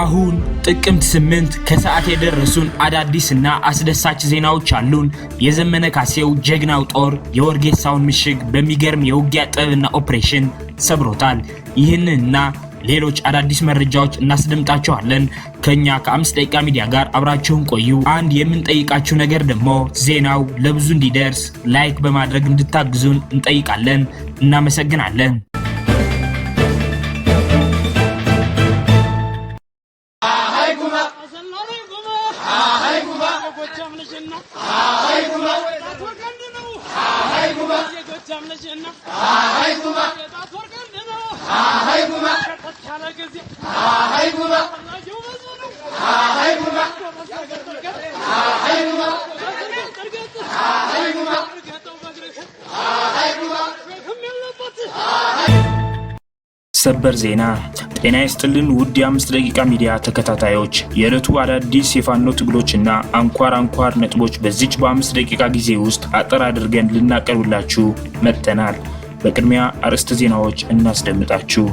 አሁን ጥቅምት ስምንት ከሰዓት የደረሱን አዳዲስና አስደሳች ዜናዎች አሉን። የዘመነ ካሴው ጀግናው ጦር የወርጌሳውን ምሽግ በሚገርም የውጊያ ጥበብና ኦፕሬሽን ሰብሮታል። ይህንንና ሌሎች አዳዲስ መረጃዎች እናስደምጣችኋለን። ከኛ ከአምስት ደቂቃ ሚዲያ ጋር አብራችሁን ቆዩ። አንድ የምንጠይቃችሁ ነገር ደግሞ ዜናው ለብዙ እንዲደርስ ላይክ በማድረግ እንድታግዙን እንጠይቃለን። እናመሰግናለን። አሸነፍና አይ ጉማ የጣት ወርቅ ነው አይ ጉማ የጎጃም ልጅ እና አይ ጉማ የጣት ወርቅ ነው አይ ጉማ ከተት ያለ ጊዜ አይ ጉማ ፈላጊው ብዙ ነው አይ ጉማ አይ ጉማ ሰበር ዜና። ጤና ይስጥልን ውድ የአምስት ደቂቃ ሚዲያ ተከታታዮች፣ የዕለቱ አዳዲስ የፋኖ ትግሎች እና አንኳር አንኳር ነጥቦች በዚች በአምስት ደቂቃ ጊዜ ውስጥ አጠር አድርገን ልናቀርብላችሁ መጥተናል። በቅድሚያ አርዕስተ ዜናዎች እናስደምጣችሁ።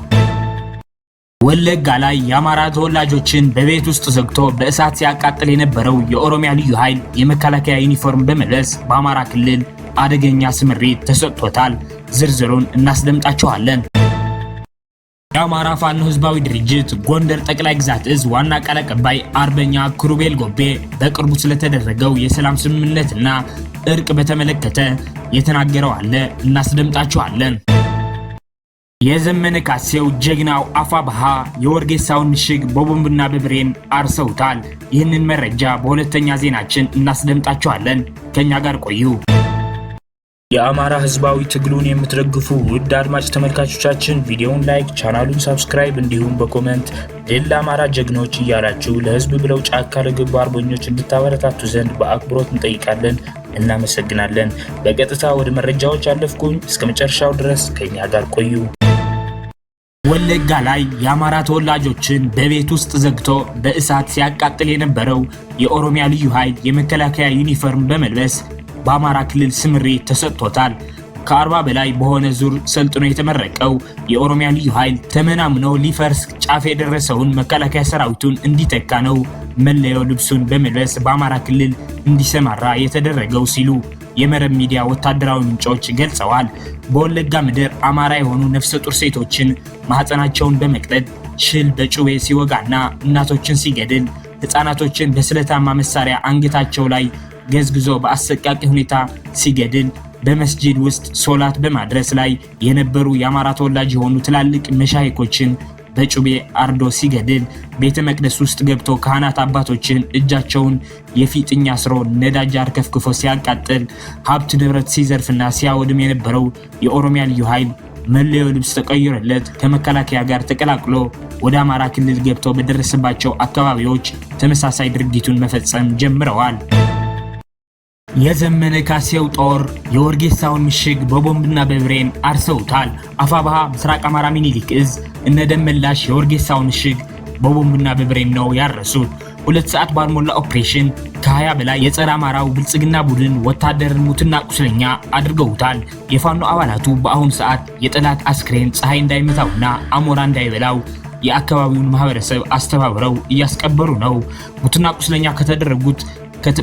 ወለጋ ላይ የአማራ ተወላጆችን በቤት ውስጥ ዘግቶ በእሳት ሲያቃጥል የነበረው የኦሮሚያ ልዩ ኃይል የመከላከያ ዩኒፎርም በመለስ በአማራ ክልል አደገኛ ስምሪት ተሰጥቶታል። ዝርዝሩን እናስደምጣችኋለን። የአማራ ፋኖ ህዝባዊ ድርጅት ጎንደር ጠቅላይ ግዛት እዝ ዋና ቃል አቀባይ አርበኛ ክሩቤል ጎቤ በቅርቡ ስለተደረገው የሰላም ስምምነትና እርቅ በተመለከተ የተናገረው አለ። እናስደምጣችኋለን። የዘመነ ካሴው ጀግናው አፋብሃ የወርጌሳውን ምሽግ በቦምብና በብሬን አርሰውታል። ይህንን መረጃ በሁለተኛ ዜናችን እናስደምጣችኋለን። ከእኛ ጋር ቆዩ። የአማራ ህዝባዊ ትግሉን የምትደግፉ ውድ አድማጭ ተመልካቾቻችን ቪዲዮውን ላይክ፣ ቻናሉን ሰብስክራይብ እንዲሁም በኮመንት ድል ለአማራ ጀግኖች እያላችሁ ለህዝብ ብለው ጫካ ለገቡ አርበኞች እንድታበረታቱ ዘንድ በአክብሮት እንጠይቃለን። እናመሰግናለን። በቀጥታ ወደ መረጃዎች አለፍኩኝ። እስከ መጨረሻው ድረስ ከኛ ጋር ቆዩ። ወለጋ ላይ የአማራ ተወላጆችን በቤት ውስጥ ዘግቶ በእሳት ሲያቃጥል የነበረው የኦሮሚያ ልዩ ኃይል የመከላከያ ዩኒፎርም በመልበስ በአማራ ክልል ስምሪት ተሰጥቶታል። ከአርባ በላይ በሆነ ዙር ሰልጥኖ የተመረቀው የኦሮሚያ ልዩ ኃይል ተመናምኖ ሊፈርስ ጫፍ የደረሰውን መከላከያ ሰራዊቱን እንዲተካ ነው መለዮ ልብሱን በመልበስ በአማራ ክልል እንዲሰማራ የተደረገው ሲሉ የመረብ ሚዲያ ወታደራዊ ምንጮች ገልጸዋል። በወለጋ ምድር አማራ የሆኑ ነፍሰ ጡር ሴቶችን ማህፀናቸውን በመቅጠድ ሽል በጩቤ ሲወጋና እናቶችን ሲገድል ህፃናቶችን በስለታማ መሳሪያ አንገታቸው ላይ ገዝግዞ በአሰቃቂ ሁኔታ ሲገድል በመስጂድ ውስጥ ሶላት በማድረስ ላይ የነበሩ የአማራ ተወላጅ የሆኑ ትላልቅ መሻይኮችን በጩቤ አርዶ ሲገድል ቤተ መቅደስ ውስጥ ገብቶ ካህናት አባቶችን እጃቸውን የፊጥኛ አስሮ ነዳጅ አርከፍክፎ ሲያቃጥል ሀብት ንብረት ሲዘርፍና ሲያወድም የነበረው የኦሮሚያ ልዩ ኃይል መለዮ ልብስ ተቀይሮለት ከመከላከያ ጋር ተቀላቅሎ ወደ አማራ ክልል ገብቶ በደረሰባቸው አካባቢዎች ተመሳሳይ ድርጊቱን መፈጸም ጀምረዋል። የዘመነ ካሴው ጦር የወርጌሳውን ምሽግ በቦምብና በብሬን አርሰውታል። አፋባሃ ምስራቅ አማራ ሚኒሊክ እዝ እነ ደመላሽ የወርጌሳውን ምሽግ በቦምብና በብሬን ነው ያረሱት። ሁለት ሰዓት ባልሞላ ኦፕሬሽን ከሀያ በላይ የጸረ አማራው ብልጽግና ቡድን ወታደርን ሙትና ቁስለኛ አድርገውታል። የፋኖ አባላቱ በአሁኑ ሰዓት የጠላት አስክሬን ፀሐይ እንዳይመታውና አሞራ እንዳይበላው የአካባቢውን ማህበረሰብ አስተባብረው እያስቀበሩ ነው። ሙትና ቁስለኛ ከተደረጉት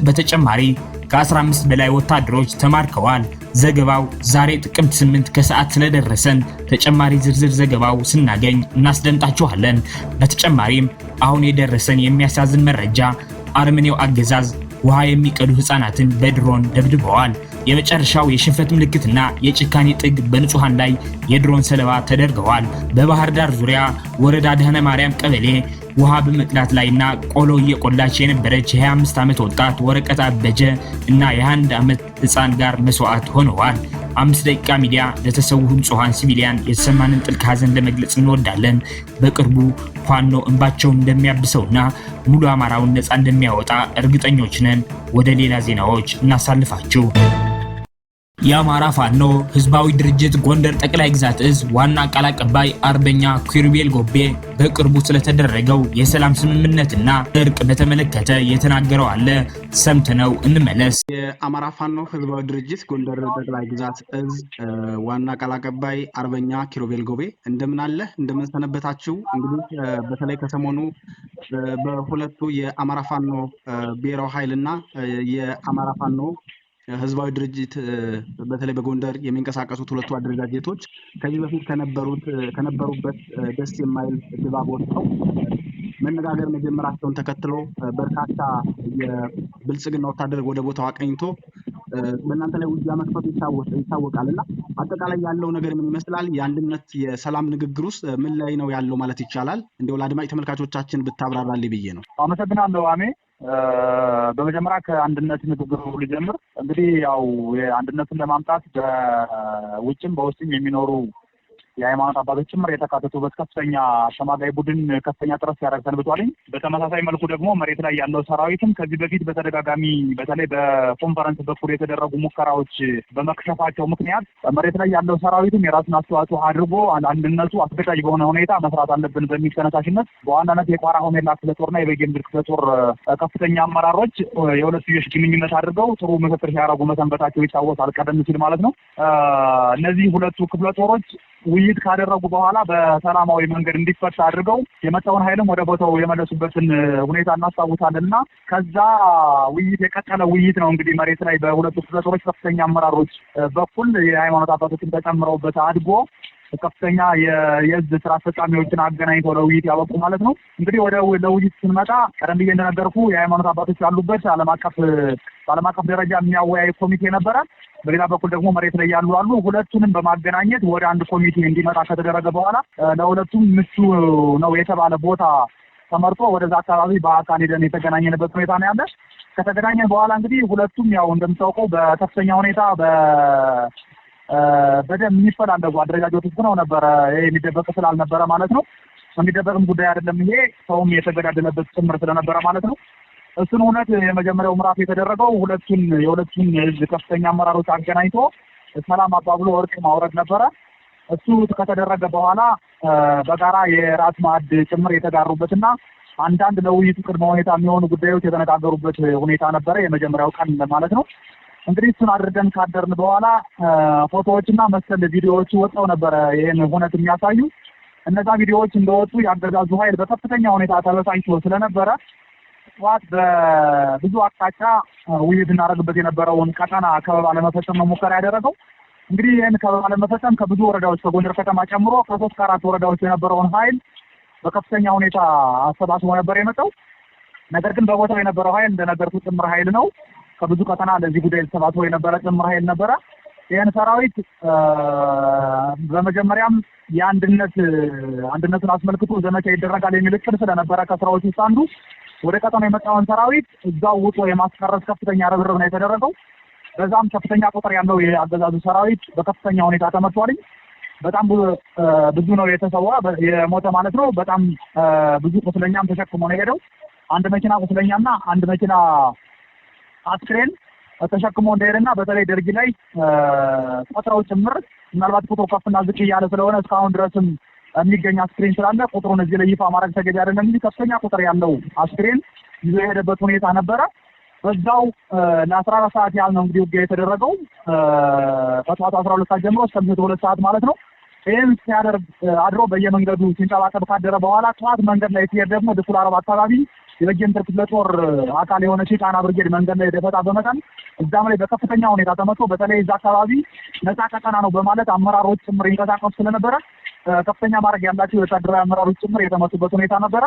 በተጨማሪ ከ15 በላይ ወታደሮች ተማርከዋል። ዘገባው ዛሬ ጥቅምት 8 ከሰዓት ስለደረሰን ተጨማሪ ዝርዝር ዘገባው ስናገኝ እናስደምጣችኋለን። በተጨማሪም አሁን የደረሰን የሚያሳዝን መረጃ አረመኔው አገዛዝ ውሃ የሚቀዱ ህፃናትን በድሮን ደብድበዋል። የመጨረሻው የሽንፈት ምልክትና የጭካኔ ጥግ በንጹሐን ላይ የድሮን ሰለባ ተደርገዋል። በባህር ዳር ዙሪያ ወረዳ ደህነ ማርያም ቀበሌ ውሃ በመቅዳት ላይና ቆሎ እየቆላች የነበረች የ25 ዓመት ወጣት ወረቀት አበጀ እና የ 1 ዓመት ህፃን ጋር መስዋዕት ሆነዋል። አምስት ደቂቃ ሚዲያ ለተሰዉ ንጹሐን ሲቪሊያን የተሰማንን ጥልቅ ሐዘን ለመግለጽ እንወዳለን። በቅርቡ ፋኖ እንባቸውን እንደሚያብሰውና ሙሉ አማራውን ነፃ እንደሚያወጣ እርግጠኞች ነን። ወደ ሌላ ዜናዎች እናሳልፋችሁ። የአማራ ፋኖ ህዝባዊ ድርጅት ጎንደር ጠቅላይ ግዛት እዝ ዋና ቃል አቀባይ አርበኛ ኪሩቤል ጎቤ በቅርቡ ስለተደረገው የሰላም ስምምነትና እርቅ በተመለከተ የተናገረው አለ። ሰምተነው እንመለስ። የአማራ ፋኖ ህዝባዊ ድርጅት ጎንደር ጠቅላይ ግዛት እዝ ዋና ቃል አቀባይ አርበኛ ኪሩቤል ጎቤ እንደምን አለ? እንደምን ሰነበታችሁ? እንግዲህ በተለይ ከሰሞኑ በሁለቱ የአማራ ፋኖ ብሔራዊ ኃይልና የአማራ ፋኖ ህዝባዊ ድርጅት በተለይ በጎንደር የሚንቀሳቀሱት ሁለቱ አደረጃጀቶች ከዚህ በፊት ከነበሩት ከነበሩበት ደስ የማይል ድባብ ወጥተው መነጋገር መጀመራቸውን ተከትሎ በርካታ የብልጽግና ወታደር ወደ ቦታው አቀኝቶ በእናንተ ላይ ውጊያ መክፈቱ ይታወቃል እና አጠቃላይ ያለው ነገር ምን ይመስላል? የአንድነት የሰላም ንግግር ውስጥ ምን ላይ ነው ያለው ማለት ይቻላል? እንዲሁ ለአድማጭ ተመልካቾቻችን ብታብራራልኝ ብዬ ነው። አመሰግናለሁ አሜ በመጀመሪያ ከአንድነት ንግግሩ ሊጀምር እንግዲህ ያው አንድነትን ለማምጣት በውጭም በውስጥም የሚኖሩ የሃይማኖት አባቶች ጭምር የተካተቱበት ከፍተኛ አሸማጋይ ቡድን ከፍተኛ ጥረት ሲያደርግ በተመሳሳይ መልኩ ደግሞ መሬት ላይ ያለው ሰራዊትም ከዚህ በፊት በተደጋጋሚ በተለይ በኮንፈረንስ በኩል የተደረጉ ሙከራዎች በመክሸፋቸው ምክንያት መሬት ላይ ያለው ሰራዊትም የራሱን አስተዋጽኦ አድርጎ አንድነቱ አስገዳጅ በሆነ ሁኔታ መስራት አለብን በሚል ተነሳሽነት በዋናነት የቋራ ሆሜላ ክፍለ ጦርና የበጌምድር ክፍለ ጦር ከፍተኛ አመራሮች የሁለትዮሽ ግንኙነት አድርገው ጥሩ ምክክር ሲያደርጉ መሰንበታቸው ይታወሳል። ቀደም ሲል ማለት ነው። እነዚህ ሁለቱ ክፍለ ጦሮች ውይ ውይይት ካደረጉ በኋላ በሰላማዊ መንገድ እንዲፈታ አድርገው የመጣውን ኃይልም ወደ ቦታው የመለሱበትን ሁኔታ እናስታውሳለን እና ከዛ ውይይት የቀጠለ ውይይት ነው እንግዲህ መሬት ላይ በሁለቱ ክፍለ ጦሮች ከፍተኛ አመራሮች በኩል የሃይማኖት አባቶችን ተጨምረውበት አድጎ ከፍተኛ የህዝብ ስራ አስፈጻሚዎችን አገናኝተው ለውይይት ያበቁ ማለት ነው። እንግዲህ ወደ ለውይይት ስንመጣ ቀደም ብዬ እንደነገርኩ የሃይማኖት አባቶች ያሉበት ዓለም አቀፍ በዓለም አቀፍ ደረጃ የሚያወያይ ኮሚቴ ነበረ። በሌላ በኩል ደግሞ መሬት ላይ ያሉ አሉ። ሁለቱንም በማገናኘት ወደ አንድ ኮሚቴ እንዲመጣ ከተደረገ በኋላ ለሁለቱም ምቹ ነው የተባለ ቦታ ተመርጦ ወደዛ አካባቢ በአካል ሄደን የተገናኘንበት ሁኔታ ነው ያለ። ከተገናኘን በኋላ እንግዲህ ሁለቱም ያው እንደምታውቀው በከፍተኛ ሁኔታ በደንብ የሚፈላለጉ አደረጃጀቶች ሆነው ነበረ። የሚደበቅ ስላልነበረ ማለት ነው። የሚደበቅም ጉዳይ አይደለም። ይሄ ሰውም የተገዳደለበት ጭምር ስለነበረ ማለት ነው። እሱን እውነት የመጀመሪያው ምዕራፍ የተደረገው ሁለቱን የሁለቱን የህዝብ ከፍተኛ አመራሮች አገናኝቶ ሰላም አባብሎ እርቅ ማውረድ ነበረ። እሱ ከተደረገ በኋላ በጋራ የራት ማዕድ ጭምር የተጋሩበትና አንዳንድ ለውይይቱ ቅድመ ሁኔታ የሚሆኑ ጉዳዮች የተነጋገሩበት ሁኔታ ነበረ። የመጀመሪያው ቀን ማለት ነው። እንግዲህ እሱን አድርገን ካደርን በኋላ ፎቶዎችና መሰል ቪዲዮዎች ወጥተው ነበረ ይህን ሁነት የሚያሳዩ እነዛ ቪዲዮዎች እንደወጡ የአገዛዙ ኃይል በከፍተኛ ሁኔታ ተበሳጭቶ ስለነበረ ጠዋት በብዙ አቅጣጫ ውይይት እናደርግበት የነበረውን ቀጠና ከበባ ለመፈጸም መሞከራ ያደረገው። እንግዲህ ይህን ከበባ ለመፈጸም ከብዙ ወረዳዎች ከጎንደር ከተማ ጨምሮ ከሶስት ከአራት ወረዳዎች የነበረውን ኃይል በከፍተኛ ሁኔታ አሰባስቦ ነበር የመጣው። ነገር ግን በቦታው የነበረው ኃይል እንደነገርኩት ጥምር ኃይል ነው። ከብዙ ቀጠና ለዚህ ጉዳይ ተሰባስቦ የነበረ ጥምር ኃይል ነበረ። ይህን ሰራዊት በመጀመሪያም የአንድነት አንድነቱን አስመልክቶ ዘመቻ ይደረጋል የሚል እቅድ ስለነበረ ከስራዎች ውስጥ አንዱ ወደ ቀጠና የመጣውን ሰራዊት እዛው ውጦ የማስቀረት ከፍተኛ ርብርብ ነው የተደረገው። በዛም ከፍተኛ ቁጥር ያለው የአገዛዙ ሰራዊት በከፍተኛ ሁኔታ ተመቷልኝ። በጣም ብዙ ነው የተሰዋ የሞተ ማለት ነው። በጣም ብዙ ቁስለኛም ተሸክሞ ነው የሄደው። አንድ መኪና ቁስለኛና አንድ መኪና አስክሬን ተሸክሞ እንደሄደና በተለይ ደርጊ ላይ ቁጥረው ጭምር ምናልባት ቁጥሩ ከፍና ዝቅ እያለ ስለሆነ እስካሁን ድረስም የሚገኝ አስክሬን ስላለ ቁጥሩን እዚህ ላይ ይፋ ማድረግ ተገቢ አይደለም እንጂ ከፍተኛ ቁጥር ያለው አስክሬን ይዞ የሄደበት ሁኔታ ነበረ። በዛው ለአስራ አራት ሰዓት ያህል ነው እንግዲህ ውጊያ የተደረገው ከጠዋቱ አስራ ሁለት ሰዓት ጀምሮ እስከ ምሽቱ ሁለት ሰዓት ማለት ነው። ይህም ሲያደርግ አድሮ በየመንገዱ ሲንጠባጠብ ካደረ በኋላ ጠዋት መንገድ ላይ ሲሄድ ደግሞ ድኩል አረብ አካባቢ የበጌምድር ክፍለ ጦር አካል የሆነች ጣና ብርጌድ መንገድ ላይ ደፈጣ በመጠን እዛም ላይ በከፍተኛ ሁኔታ ተመቶ በተለይ እዛ አካባቢ ነፃ ቀጠና ነው በማለት አመራሮች ጭምር ይንቀሳቀሱ ስለነበረ ከፍተኛ ማድረግ ያላቸው የወታደራዊ አመራሮች ጭምር የተመቱበት ሁኔታ ነበረ።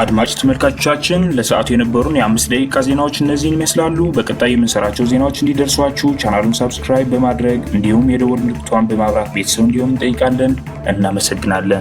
አድማጭ ተመልካቾቻችን ለሰዓቱ የነበሩን የአምስት ደቂቃ ዜናዎች እነዚህን ይመስላሉ። በቀጣይ የምንሰራቸው ዜናዎች እንዲደርሷችሁ ቻናሉን ሰብስክራይብ በማድረግ እንዲሁም የደወል ምልክቷን በማብራት ቤተሰብ እንዲሆን እንጠይቃለን። እናመሰግናለን።